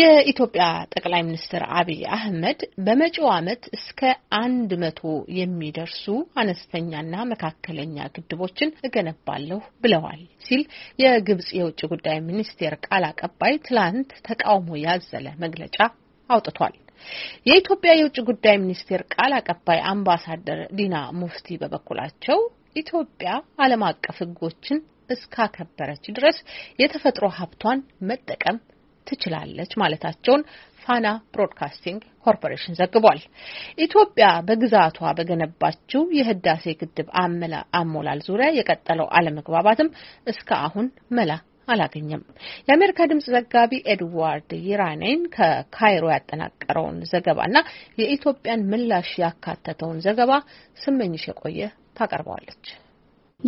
የኢትዮጵያ ጠቅላይ ሚኒስትር አብይ አህመድ በመጪው ዓመት እስከ አንድ መቶ የሚደርሱ አነስተኛና መካከለኛ ግድቦችን እገነባለሁ ብለዋል ሲል የግብጽ የውጭ ጉዳይ ሚኒስቴር ቃል አቀባይ ትላንት ተቃውሞ ያዘለ መግለጫ አውጥቷል። የኢትዮጵያ የውጭ ጉዳይ ሚኒስቴር ቃል አቀባይ አምባሳደር ዲና ሙፍቲ በበኩላቸው ኢትዮጵያ ዓለም አቀፍ ሕጎችን እስካከበረች ድረስ የተፈጥሮ ሀብቷን መጠቀም ትችላለች ማለታቸውን ፋና ብሮድካስቲንግ ኮርፖሬሽን ዘግቧል። ኢትዮጵያ በግዛቷ በገነባችው የህዳሴ ግድብ አሞላል ዙሪያ የቀጠለው አለመግባባትም እስከ አሁን መላ አላገኘም። የአሜሪካ ድምጽ ዘጋቢ ኤድዋርድ ይራኔን ከካይሮ ያጠናቀረውን ዘገባና የኢትዮጵያን ምላሽ ያካተተውን ዘገባ ስመኝሽ የቆየ ታቀርበዋለች።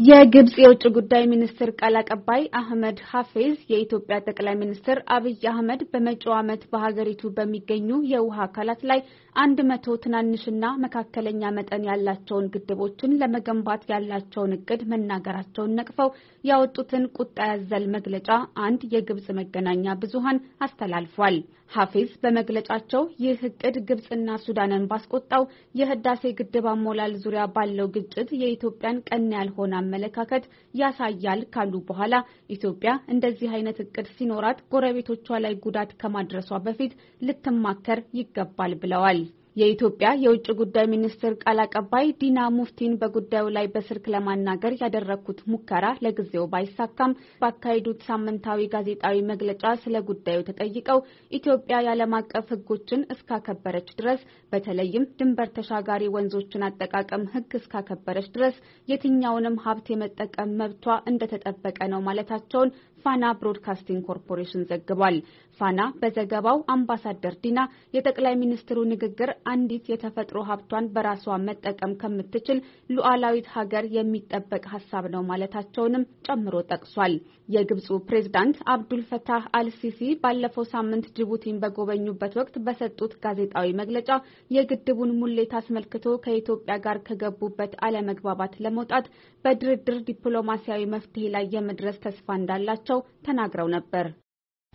የግብጽ የውጭ ጉዳይ ሚኒስትር ቃል አቀባይ አህመድ ሀፌዝ የኢትዮጵያ ጠቅላይ ሚኒስትር አብይ አህመድ በመጪው ዓመት በሀገሪቱ በሚገኙ የውሃ አካላት ላይ አንድ መቶ ትናንሽና መካከለኛ መጠን ያላቸውን ግድቦችን ለመገንባት ያላቸውን እቅድ መናገራቸውን ነቅፈው ያወጡትን ቁጣ ያዘል መግለጫ አንድ የግብጽ መገናኛ ብዙሃን አስተላልፏል። ሀፌዝ በመግለጫቸው ይህ እቅድ ግብጽና ሱዳንን ባስቆጣው የህዳሴ ግድብ አሞላል ዙሪያ ባለው ግጭት የኢትዮጵያን ቀን ያልሆነ አመለካከት ያሳያል ካሉ በኋላ ኢትዮጵያ እንደዚህ አይነት እቅድ ሲኖራት ጎረቤቶቿ ላይ ጉዳት ከማድረሷ በፊት ልትማከር ይገባል ብለዋል። የኢትዮጵያ የውጭ ጉዳይ ሚኒስትር ቃል አቀባይ ዲና ሙፍቲን በጉዳዩ ላይ በስልክ ለማናገር ያደረግኩት ሙከራ ለጊዜው ባይሳካም ባካሄዱት ሳምንታዊ ጋዜጣዊ መግለጫ ስለ ጉዳዩ ተጠይቀው ኢትዮጵያ የዓለም አቀፍ ሕጎችን እስካከበረች ድረስ በተለይም ድንበር ተሻጋሪ ወንዞችን አጠቃቀም ሕግ እስካከበረች ድረስ የትኛውንም ሀብት የመጠቀም መብቷ እንደተጠበቀ ነው ማለታቸውን ፋና ብሮድካስቲንግ ኮርፖሬሽን ዘግቧል። ፋና በዘገባው አምባሳደር ዲና የጠቅላይ ሚኒስትሩ ንግግር አንዲት የተፈጥሮ ሀብቷን በራሷ መጠቀም ከምትችል ሉዓላዊት ሀገር የሚጠበቅ ሀሳብ ነው ማለታቸውንም ጨምሮ ጠቅሷል። የግብፁ ፕሬዝዳንት አብዱልፈታህ አልሲሲ ባለፈው ሳምንት ጅቡቲን በጎበኙበት ወቅት በሰጡት ጋዜጣዊ መግለጫ የግድቡን ሙሌት አስመልክቶ ከኢትዮጵያ ጋር ከገቡበት አለመግባባት ለመውጣት በድርድር ዲፕሎማሲያዊ መፍትሄ ላይ የመድረስ ተስፋ እንዳላቸው መሆናቸው ተናግረው ነበር።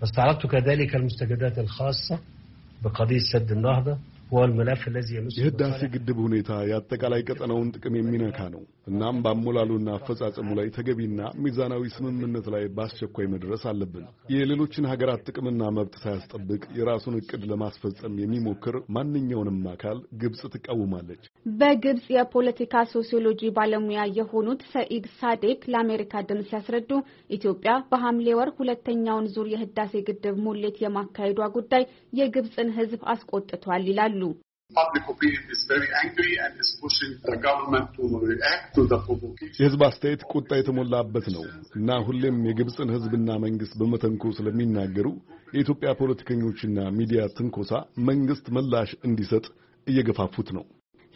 استعرضت كذلك المستجدات الخاصة بقضية سد النهضة የህዳሴ ግድብ ሁኔታ የአጠቃላይ ቀጠናውን ጥቅም የሚነካ ነው። እናም በአሞላሉና አፈጻጸሙ ላይ ተገቢና ሚዛናዊ ስምምነት ላይ በአስቸኳይ መድረስ አለብን። የሌሎችን ሀገራት ጥቅምና መብት ሳያስጠብቅ የራሱን እቅድ ለማስፈጸም የሚሞክር ማንኛውንም አካል ግብጽ ትቃወማለች። በግብጽ የፖለቲካ ሶሲዮሎጂ ባለሙያ የሆኑት ሰኢድ ሳዴክ ለአሜሪካ ድምፅ ሲያስረዱ ኢትዮጵያ በሐምሌ ወር ሁለተኛውን ዙር የህዳሴ ግድብ ሙሌት የማካሄዷ ጉዳይ የግብጽን ህዝብ አስቆጥቷል ይላሉ። ይናገራሉ። የህዝብ አስተያየት ቁጣ የተሞላበት ነው እና ሁሌም የግብፅን ህዝብና መንግስት በመተንኮ ስለሚናገሩ የኢትዮጵያ ፖለቲከኞችና ሚዲያ ትንኮሳ መንግስት ምላሽ እንዲሰጥ እየገፋፉት ነው።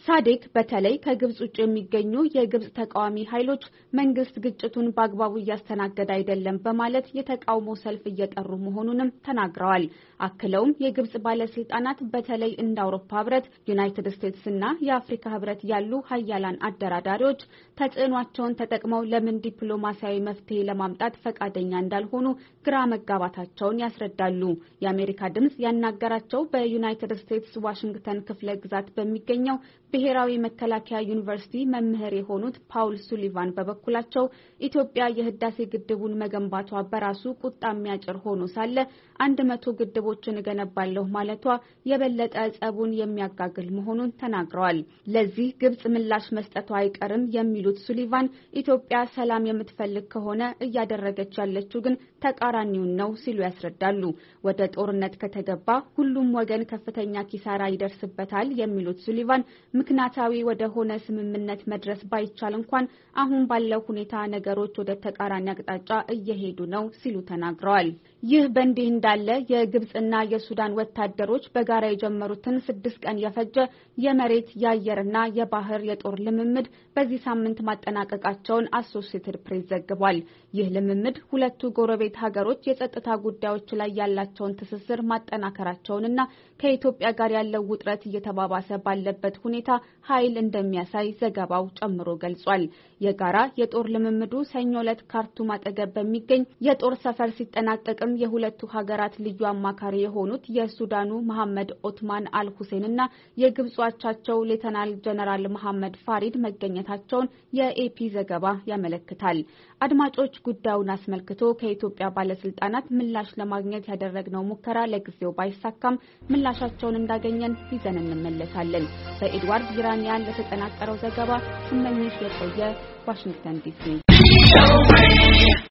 ሳዴክ በተለይ ከግብጽ ውጭ የሚገኙ የግብጽ ተቃዋሚ ኃይሎች መንግስት ግጭቱን በአግባቡ እያስተናገደ አይደለም በማለት የተቃውሞ ሰልፍ እየጠሩ መሆኑንም ተናግረዋል። አክለውም የግብጽ ባለስልጣናት በተለይ እንደ አውሮፓ ህብረት፣ ዩናይትድ ስቴትስ እና የአፍሪካ ህብረት ያሉ ሀያላን አደራዳሪዎች ተጽዕኗቸውን ተጠቅመው ለምን ዲፕሎማሲያዊ መፍትሄ ለማምጣት ፈቃደኛ እንዳልሆኑ ግራ መጋባታቸውን ያስረዳሉ። የአሜሪካ ድምጽ ያናገራቸው በዩናይትድ ስቴትስ ዋሽንግተን ክፍለ ግዛት በሚገኘው ብሔራዊ መከላከያ ዩኒቨርሲቲ መምህር የሆኑት ፓውል ሱሊቫን በበኩላቸው ኢትዮጵያ የህዳሴ ግድቡን መገንባቷ በራሱ ቁጣ የሚያጭር ሆኖ ሳለ አንድ መቶ ግድቦችን እገነባለሁ ማለቷ የበለጠ ጸቡን የሚያጋግል መሆኑን ተናግረዋል። ለዚህ ግብጽ ምላሽ መስጠቷ አይቀርም የሚሉት ሱሊቫን ኢትዮጵያ ሰላም የምትፈልግ ከሆነ እያደረገች ያለችው ግን ተቃራኒውን ነው ሲሉ ያስረዳሉ። ወደ ጦርነት ከተገባ ሁሉም ወገን ከፍተኛ ኪሳራ ይደርስበታል የሚሉት ሱሊቫን ምክንያታዊ ወደ ሆነ ስምምነት መድረስ ባይቻል እንኳን አሁን ባለው ሁኔታ ነገሮች ወደ ተቃራኒ አቅጣጫ እየሄዱ ነው ሲሉ ተናግረዋል። ይህ በእንዲህ እንዳለ የግብፅና የሱዳን ወታደሮች በጋራ የጀመሩትን ስድስት ቀን የፈጀ የመሬት የአየርና የባህር የጦር ልምምድ በዚህ ሳምንት ማጠናቀቃቸውን አሶሲየትድ ፕሬስ ዘግቧል። ይህ ልምምድ ሁለቱ ጎረቤት ሀገሮች የጸጥታ ጉዳዮች ላይ ያላቸውን ትስስር ማጠናከራቸውንና ከኢትዮጵያ ጋር ያለው ውጥረት እየተባባሰ ባለበት ሁኔታ ኃይል እንደሚያሳይ ዘገባው ጨምሮ ገልጿል። የጋራ የጦር ልምምዱ ሰኞ ዕለት ካርቱም አጠገብ በሚገኝ የጦር ሰፈር ሲጠናቀቅም የሁለቱ ሀገራት ልዩ አማካሪ የሆኑት የሱዳኑ መሐመድ ኦትማን አልሁሴንና የግብጽ አቻቸው ሌተናል ጀነራል መሐመድ ፋሪድ መገኘታቸውን የኤፒ ዘገባ ያመለክታል። አድማጮች፣ ጉዳዩን አስመልክቶ ከኢትዮጵያ ባለስልጣናት ምላሽ ለማግኘት ያደረግነው ሙከራ ለጊዜው ባይሳካም ምላሻቸውን እንዳገኘን ይዘን እንመለሳለን። በኤድዋርድ ጊራኒያን ለተጠናቀረው ዘገባ ስመኝሽ የቆየ ዋሽንግተን ዲሲ